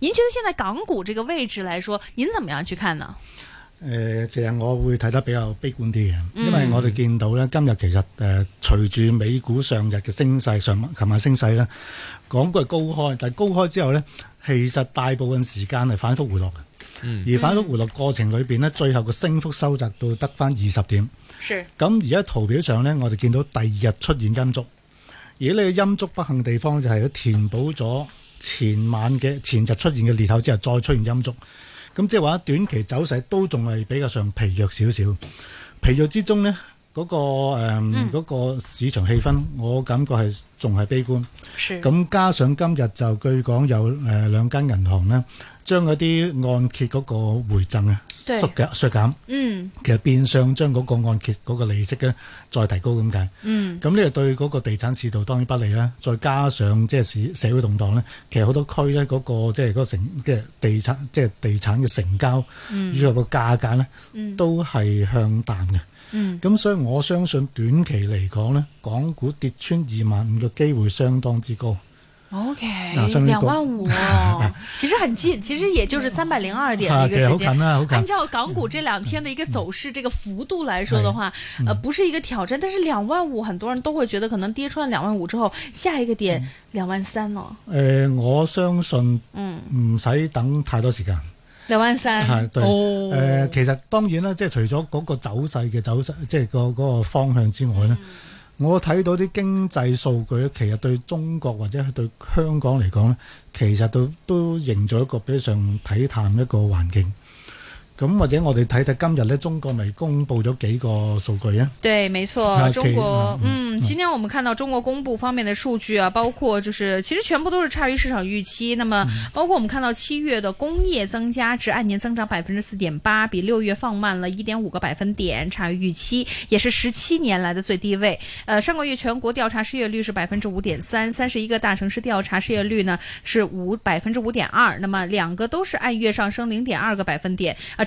您覺得現在港股這個位置來說，您怎麼樣去看呢？誒、呃，其實我會睇得比較悲觀啲嘅，嗯、因為我哋見到咧今日其實誒、呃，隨住美股上日嘅升勢，上琴日升勢呢，港股係高開，但係高開之後呢，其實大部分時間係反復回落嘅。嗯、而反復回落過程裏邊呢，嗯、最後嘅升幅收窄到得翻二十點。是。咁而家圖表上呢，我哋見到第二日出現陰燭，而呢個陰燭不幸地方就係佢填補咗。前晚嘅前日出現嘅裂口之後，再出現陰燭，咁即係話短期走勢都仲係比較上疲弱少少，疲弱之中咧。嗰、那個誒嗰、嗯嗯、市場氣氛，我感覺係仲係悲觀。咁是加上今日就據講有誒、呃、兩間銀行呢將嗰啲按揭嗰個回贈啊對縮減，縮減嗯。其實變相將嗰個按揭嗰個利息咧再提高咁解嗯。咁呢個對嗰個地產市道當然不利啦。再加上即係市社會動盪咧，其實好多區咧嗰、那個即係、就是那個個成即地產即係、就是、地產嘅成交，以及個價格咧，嗯、都係向淡嘅。嗯。咁所以。我相信短期嚟講呢，港股跌穿二萬五嘅機會相當之高。O K，兩萬五，哦、 其實很近，其實也就是三百零二點嘅一個時間。好近啊！好近。按照港股這兩天嘅一個走勢，嗯、這個幅度來說的話，嗯、呃，不是一個挑戰。但是兩萬五，很多人都會覺得可能跌穿兩萬五之後，下一個點兩萬三咯。我相信，嗯，唔使等太多時間。劉萬係對誒、哦呃，其實當然啦，即係除咗嗰個走勢嘅走勢，即係、嗰個嗰、嗰個方向之外咧，嗯、我睇到啲經濟數據咧，其實對中國或者係對香港嚟講咧，其實都都形成一個比較上睇淡一個環境。咁或者我哋睇睇今日呢，中國咪公布咗幾個數據啊？對，沒錯，中國，okay, um, 嗯，今天我們看到中國公布方面的數據啊，嗯、包括就是其實全部都是差於市場預期。那麼包括我們看到七月的工業增加值按年增長百分之四點八，比六月放慢了一點五個百分點，差於預期，也是十七年來的最低位。呃，上個月全國調查失業率是百分之五點三，三十一個大城市調查失業率呢是五百分之五點二，那麼兩個都是按月上升零點二個百分點啊。呃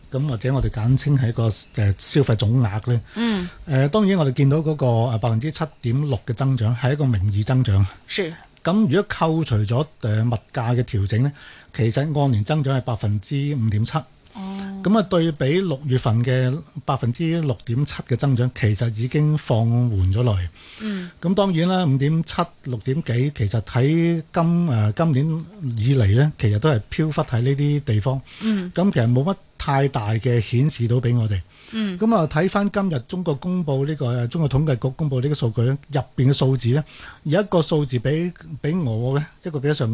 咁或者我哋簡稱係一個消費總額咧。誒、嗯、當然我哋見到嗰個百分之七點六嘅增長係一個名義增長。是。咁如果扣除咗物價嘅調整咧，其實按年增長係百分之五點七。咁啊，對比六月份嘅百分之六點七嘅增長，其實已經放緩咗落嚟。嗯，咁當然啦，五點七、六點幾，其實喺今、呃、今年以嚟咧，其實都係飄忽喺呢啲地方。嗯，咁其實冇乜太大嘅顯示到俾我哋。嗯，咁啊，睇翻今日中國公布呢、呢個中國統計局公佈呢個數據咧，入邊嘅數字咧，有一個數字俾俾我嘅，一個比上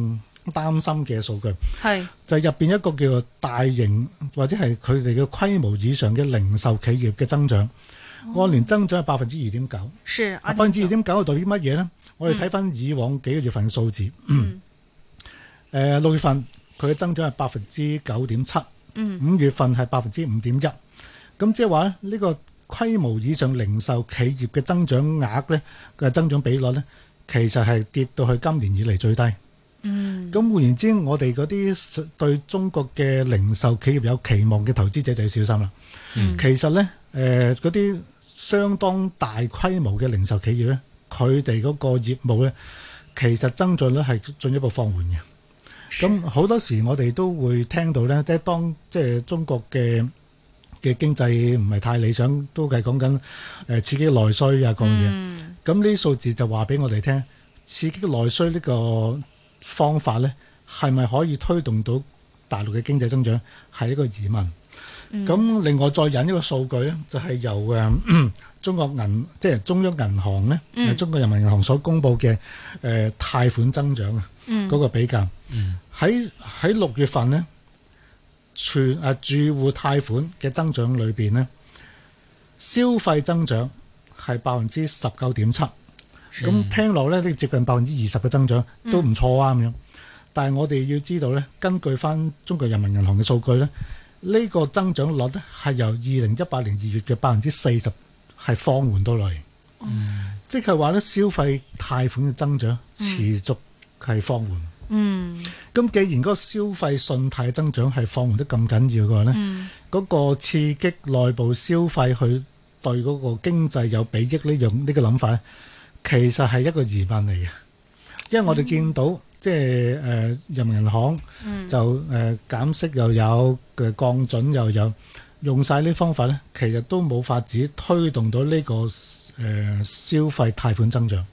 擔心嘅數據係是就係入邊一個叫做大型或者係佢哋嘅規模以上嘅零售企業嘅增長，按、哦、年增長係百分之二點九。是百分之二點九，代表乜嘢呢？嗯、我哋睇翻以往幾個月份嘅數字，誒、嗯呃、六月份佢嘅增長係百分之九點七，嗯、五月份係百分之五點一，咁即係話呢個規模以上零售企業嘅增長額咧嘅增長比率咧，其實係跌到去今年以嚟最低。嗯、咁換言之，我哋嗰啲對中國嘅零售企業有期望嘅投資者就要小心啦。嗯、其實咧，誒嗰啲相當大規模嘅零售企業咧，佢哋嗰個業務咧，其實增進率係進一步放緩嘅。咁好是多時我哋都會聽到咧，即係當即係中國嘅嘅經濟唔係太理想，都係講緊誒刺激內需啊各嘢咁呢數數字就話俾我哋聽，刺激內需呢、這個。方法咧，係咪可以推動到大陸嘅經濟增長，係一個疑問。咁、嗯、另外再引一個數據咧，就係、是、由誒中國銀，即係中央銀行咧，嗯、中國人民銀行所公布嘅誒貸款增長啊，嗰、嗯、個比較喺喺六月份咧，住誒住戶貸款嘅增長裏邊咧，消費增長係百分之十九點七。咁、嗯、聽落咧，都接近百分之二十嘅增長都，都唔錯啊。咁樣，但係我哋要知道咧，根據翻中國人民銀行嘅數據咧，呢、呢個增長率咧係由二零一八年二月嘅百分之四十係放緩到嚟，嗯、即係話咧消費貸款嘅增長持續係放緩。嗯，咁既然嗰個消費信貸增長係放緩得咁緊要嘅話咧，嗰、嗯、個刺激內部消費去對嗰個經濟有裨益呢？樣呢個諗法。其實係一個疑問嚟嘅，因為我哋見到、嗯、即係誒人民銀行就誒減、嗯呃、息又有嘅降準又有用晒呢方法咧，其實都冇法子推動到呢、這個誒、呃、消費貸款增長。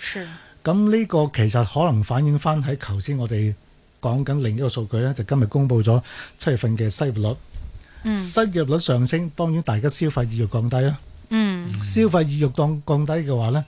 是咁呢個其實可能反映翻喺頭先我哋講緊另一個數據咧，就今日公布咗七月份嘅失業率，嗯、失業率上升，當然大家消費意欲降低啦。嗯，嗯消費意欲降降低嘅話咧。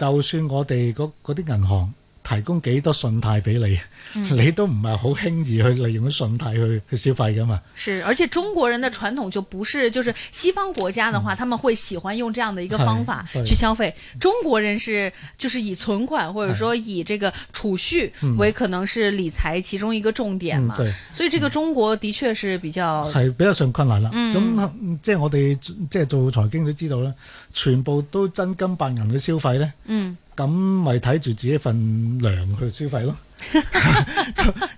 就算我哋嗰嗰啲銀行，提供幾多信貸俾你？嗯、你都唔係好輕易去利用啲信貸去去消費噶嘛？是，而且中國人的傳統就不是，就是西方國家的話，嗯、他們會喜歡用這樣的一個方法去消費。中國人是就是以存款，或者說以這個儲蓄為可能是理財其中一個重點嘛。嗯、對，所以這個中國的確是比較係比較上困難啦。咁、嗯嗯、即係我哋即係做財經都知道啦，全部都真金白銀嘅消費咧。嗯。咁咪睇住自己份糧去消費咯。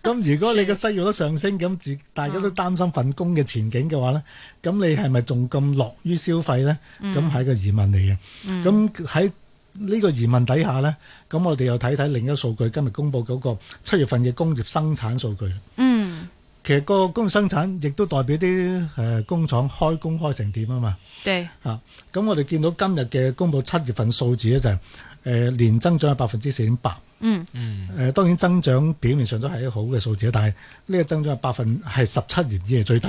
咁 如果你嘅收入都上升，咁自大家都擔心份工嘅前景嘅話呢，咁你係咪仲咁樂於消費呢？咁係、嗯、一個疑問嚟嘅。咁喺呢個疑問底下呢，咁我哋又睇睇另一數據，今日公布嗰個七月份嘅工業生產數據。嗯。其實個工業生產亦都代表啲誒工廠開工開成點啊嘛，吓咁對、啊、我哋見到今日嘅公佈七月份數字咧就誒、是呃、年增長係百分之四點八，嗯，誒、呃、當然增長表面上都係一個好嘅數字，但係呢個增長係百分係十七年以嚟最低。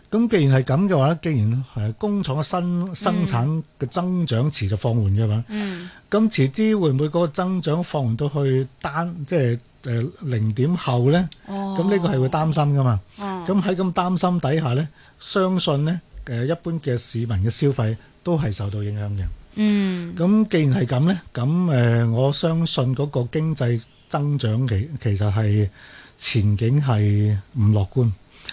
咁既然係咁嘅話，既然係工廠生生產嘅增長遲就放緩嘅話，咁遲啲會唔會個增長放緩到去單即係誒零點後咧？咁呢、哦、個係會擔心噶嘛？咁喺咁擔心底下咧，相信咧誒一般嘅市民嘅消費都係受到影響嘅。咁、嗯、既然係咁咧，咁誒我相信嗰個經濟增長其其實係前景係唔樂觀。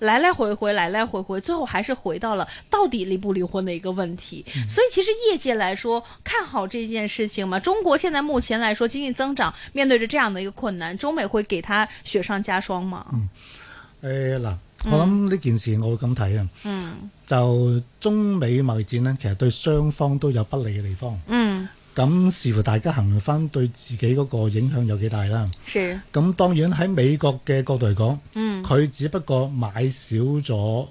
來來回回來來回回，最後還是回到了到底離不離婚的一個問題。嗯、所以，其實業界來說看好這件事情嘛？中國現在目前來說經濟增長，面對着這樣的一個困難，中美會給它雪上加霜嘛？嗯，誒、呃，嗱，我諗呢件事我會咁睇啊，嗯，就中美貿易戰呢，其實對雙方都有不利嘅地方，嗯。.咁視乎大家衡量翻對自己嗰個影響有幾大啦。咁是當然喺美國嘅角度嚟講，嗯，佢只不過買少咗誒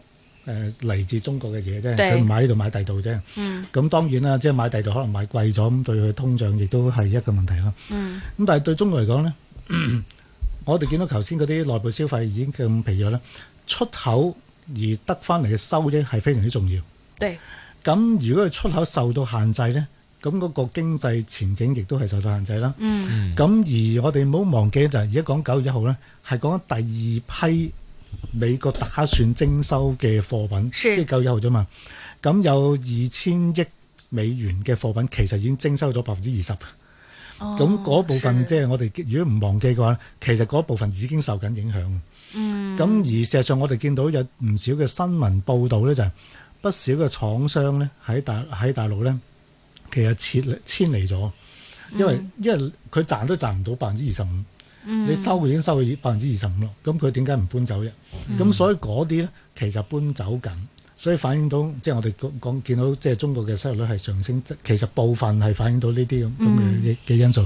嚟自中國嘅嘢啫，佢唔對買呢度買第度啫。嗯。咁當然啦，即係買第度可能買貴咗，咁對佢通脹亦都係一個問題啦。嗯。咁但係對中國嚟講咧，嗯、我哋見到頭先嗰啲內部消費已經咁疲弱啦，出口而得翻嚟嘅收益係非常之重要。對。咁如果佢出口受到限制咧，咁嗰個經濟前景亦都係受到限制啦。咁、嗯、而我哋唔好忘記就係而家講九月一號咧，係講第二批美國打算徵收嘅貨品，即係九是月一號啫嘛。咁有二千億美元嘅貨品，其實已經徵收咗百分之二十。咁嗰、哦、部分即係是我哋如果唔忘記嘅話，其實嗰部分已經受緊影響。咁、嗯、而事實上，我哋見到有唔少嘅新聞報導咧，就係不少嘅廠商咧喺大喺大陸咧。其實撤嚟遷離咗，因為、嗯、因為佢賺都賺唔到百分之二十五，嗯、你收已經收咗百分之二十五咯，咁佢點解唔搬走啫？咁、嗯、所以嗰啲咧其實搬走緊，所以反映到即係、就是、我哋講講見到即係中國嘅失業率係上升，即其實部分係反映到呢啲咁嘅嘅因素。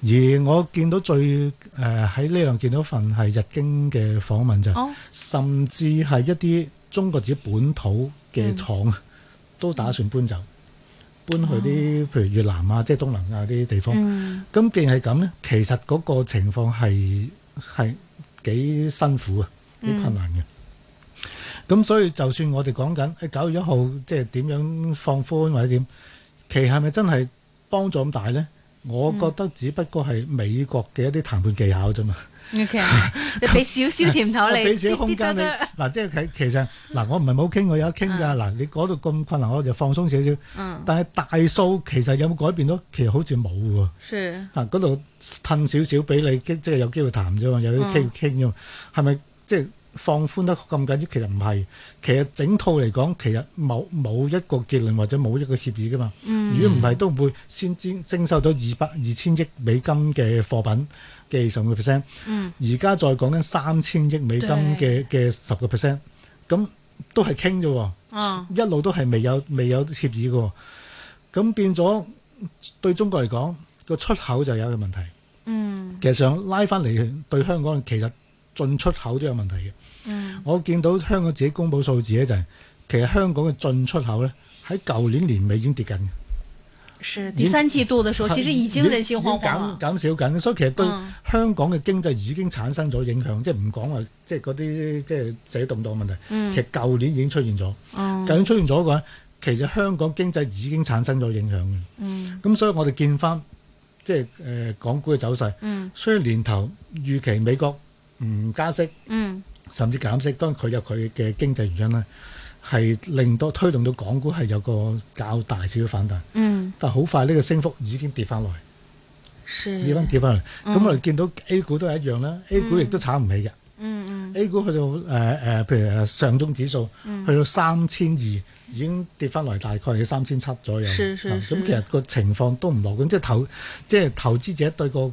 嗯、而我見到最誒喺呢度見到份係日經嘅訪問就是，哦、甚至係一啲中國自己本土嘅廠、嗯、都打算搬走。搬去啲譬如越南啊，即係東南亞啲地方。咁既然係咁咧，其實嗰個情況係係幾辛苦啊，幾困難嘅。咁所以就算我哋講緊喺九月一號即係點樣放寬或者點，其係咪真係幫助咁大咧？我覺得只不過係美國嘅一啲談判技巧啫嘛。 你其實，俾少少甜頭你，俾少少空間你。嗱，即係喺其實，嗱，我唔係冇傾，我有傾噶。嗱， 你嗰度咁困難，我就放鬆少少。嗯。但係大數其實有冇改變到？其實好似冇喎。是。吓、啊，嗰度褪少少俾你，即係有機會談啫嘛，有啲傾傾啫嘛，係咪、嗯、即係？放寬得咁緊要，其實唔係，其實整套嚟講，其實冇冇一個結論或者冇一個協議噶嘛。嗯、如果唔係，都唔會先徵徵收咗二百二千億美金嘅貨品嘅十五個 percent。而家、嗯、再講緊三千億美金嘅嘅十個 percent，咁都係傾啫。哦、一路都係未有未有協議噶。咁變咗對中國嚟講，個出口就有一個問題。嗯、其實想拉翻嚟對香港，其實。進出口都有問題嘅，我見到香港自己公佈數字咧，就係其實香港嘅進出口咧喺舊年年尾已經跌緊嘅。第三季度的時候，其實已經人心惶惶。減少緊，所以其實對香港嘅經濟已經產生咗影響，即係唔講話，即係嗰啲即係社動盪嘅問題。嗯，其實舊年已經出現咗。哦，舊年出現咗嘅話，其實香港經濟已經產生咗影響嘅。嗯，咁所以我哋見翻即係誒港股嘅走勢。嗯，所以年頭預期美國。唔、嗯、加息，甚至減息，嗯、當然佢有佢嘅經濟原因啦，係令到推動到港股係有個較大少少反彈。嗯，但係好快呢個升幅已經跌翻來，是跌翻跌翻嚟。咁、嗯、我哋見到 A 股都係一樣啦、嗯、A 股亦都炒唔起嘅、嗯。嗯嗯，A 股去到誒誒、呃，譬如上中指數，去到三千二已經跌翻嚟，大概要三千七左右。是是是。咁其實個情況都唔樂觀，即係投即係投資者對個。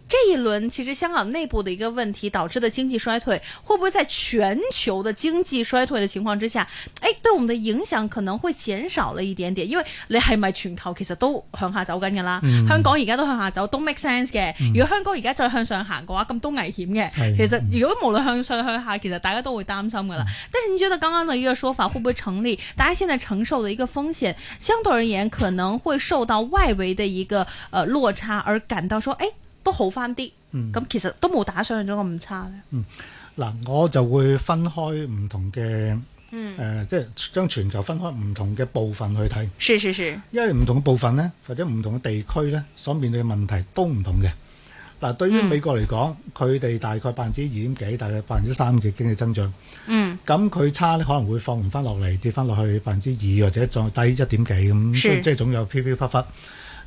這一輪其實香港內部的一個問題導致的經濟衰退，會不會在全球的經濟衰退的情況之下，哎，對我們的影響可能會減少了一點點？因為你係咪全球其實都向下走緊噶啦？嗯、香港而家都向下走，嗯、都 make sense 嘅、嗯。如果香港而家再向上行嘅話，咁都危險嘅。嗯、其實如果無論向上向下，其實大家都會擔心噶啦。嗯、但是你覺得剛剛的一個說法會不會成立？大家現在承受的一個風險，相對而言可能會受到外圍的一個呃落差而感到說，哎。都好翻啲，咁、嗯、其實都冇打上咗咁差咧。嗯，嗱，我就會分開唔同嘅，誒、嗯，即係、呃就是、將全球分開唔同嘅部分去睇。是是是。因為唔同嘅部分呢，或者唔同嘅地區呢，所面對嘅問題都唔同嘅。嗱，對於美國嚟講，佢哋、嗯、大概百分之二點幾，大概百分之三嘅經濟增長。嗯。咁佢差咧可能會放緩翻落嚟，跌翻落去百分之二或者再低一點幾咁，是即係總有飄飄忽忽。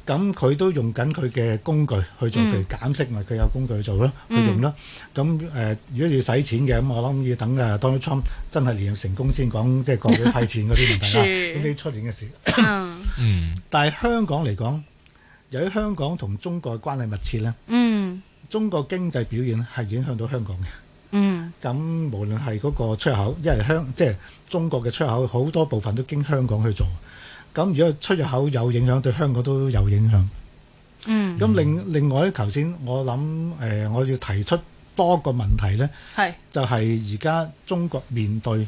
咁佢都用緊佢嘅工具去做譬如減息，咪佢有工具去做咯，嗯、去用咯。咁、呃、如果要使錢嘅，咁我諗要等 Donald Trump 真係連成功先講，即係講佢批錢嗰啲問題啦，呢啲出年嘅事。嗯，但係香港嚟講，由於香港同中國嘅關係密切咧，嗯，中國經濟表現係影響到香港嘅。嗯，咁無論係嗰個出口，因為香即係、就是、中國嘅出口，好多部分都經香港去做。咁如果出入口有影響，對香港都有影響。嗯。咁另另外咧，頭先我諗誒，我要提出多個問題咧，係就係而家中國面對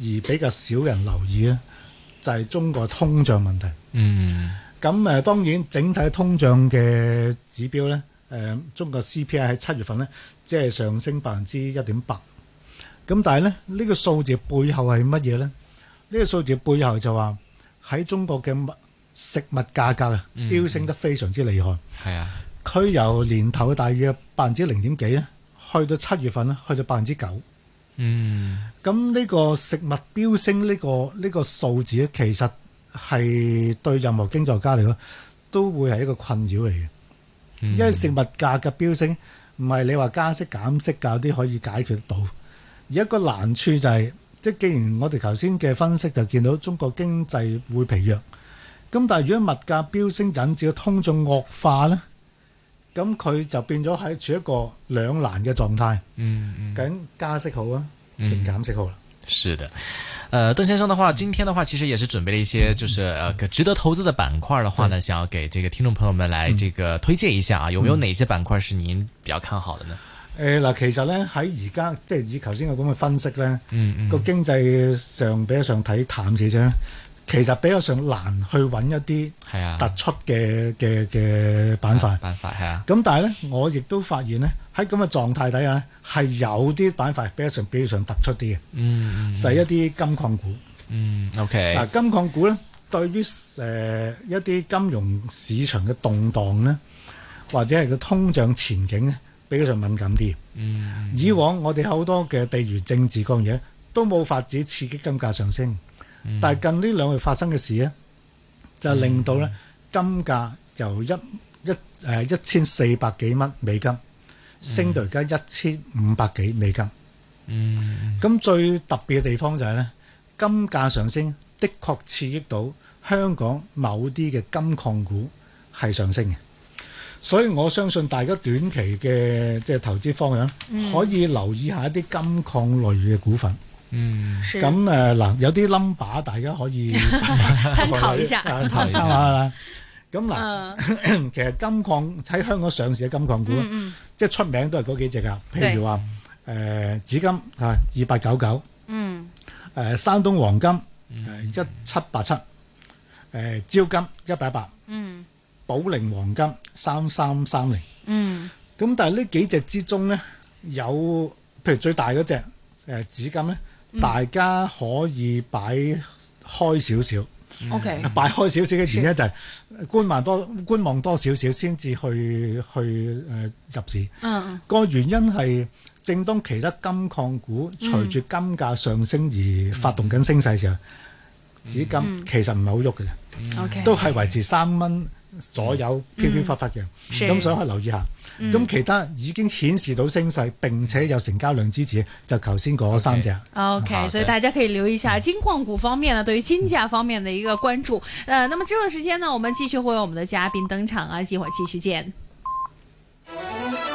而比較少人留意咧，就係、是、中國通脹問題。嗯。咁誒，當然整體通脹嘅指標咧，誒，中國 CPI 喺七月份咧，即係上升百分之一點八。咁但係咧，呢個數字背後係乜嘢咧？呢、呢個數字背後就話，喺中國嘅物食物價格啊，飆升得非常之厲害。係、嗯、啊，佢由年頭大約百分之零點幾咧，去到七月份咧，去到百分之九。嗯，咁呢個食物飆升呢、呢個呢、呢個數字，其實係對任何經濟家嚟講，都會係一個困擾嚟嘅。嗯、因為食物價格飆升，唔係你話加息減息嗰啲可以解決到，而一個難處就係、係。即既然我哋頭先嘅分析就見到中國經濟會疲弱，咁但係如果物價飆升引致通脹惡化呢，咁佢就變咗喺處一個兩難嘅狀態。嗯嗯，梗加息好啊，淨減息好啦、嗯。是的，誒、呃，鄧先生的話，今天的話其實也是準備了一些，就是、嗯呃、值得投資的板塊的話呢，對想要給這個聽眾朋友們來這個推薦一下啊，嗯、有沒有哪些板塊是您比較看好的呢？誒嗱，其實咧喺而家即係以頭先我咁嘅分析咧，個、嗯嗯、經濟上比較上睇淡啲啫。其實比較上難去揾一啲突出嘅嘅嘅板塊。板塊係啊。咁、啊啊、但係咧，我亦都發現咧喺咁嘅狀態底下係有啲板塊比較上比較上突出啲嘅。嗯就係一啲金礦股。嗯。O K. 嗱金礦股咧，對於誒一啲金融市場嘅動盪咧，或者係個通脹前景咧。比較上敏感啲。以往我哋好多嘅地緣政治嗰樣嘢都冇法子刺激金價上升，但係近呢兩日發生嘅事咧，嗯、就係令到咧金價由一一誒一千四百幾蚊美金升到而家一千五百幾美金。1, 美金嗯，咁最特別嘅地方就係、是、咧，金價上升的確刺激到香港某啲嘅金礦股係上升嘅。所以我相信大家短期嘅即係投資方向，可以留意一下一啲金礦類嘅股份。嗯，咁誒嗱，有啲 number 大家可以參考一下。 參考啦。咁嗱、啊呃， 其實金礦喺香港上市嘅金礦股，嗯嗯即係出名都係嗰幾隻㗎。譬如話誒對、呃、紫金啊二八九九。啊、99，嗯。誒、呃，山東黃金係一七八七。誒、呃，招金一八一八。嗯。呃保靈黃金三三三零，嗯，咁但係呢幾隻之中咧，有譬如最大嗰隻誒紫金咧，嗯、大家可以擺開少少，OK，擺開少少嘅原因就係觀望多觀望多少少先至去去誒、呃、入市，嗯嗯，個原因係正當其他金礦股、嗯、隨住金價上升而發動緊升勢時候，嗯、紫金其實唔係好喐嘅，OK，都係維持三蚊。所有飄飄忽忽嘅，咁所以可以留意一下。咁、嗯、其他已經顯示到升勢，並且有成交量支持，就頭先嗰三隻。OK，okay、嗯、所以大家可以留意一下金礦股方面呢，嗯、對於金價方面的一個關注。誒、呃，那麼之後的時間呢，我們繼續會有我們的嘉賓登場啊，一陣繼續見。嗯。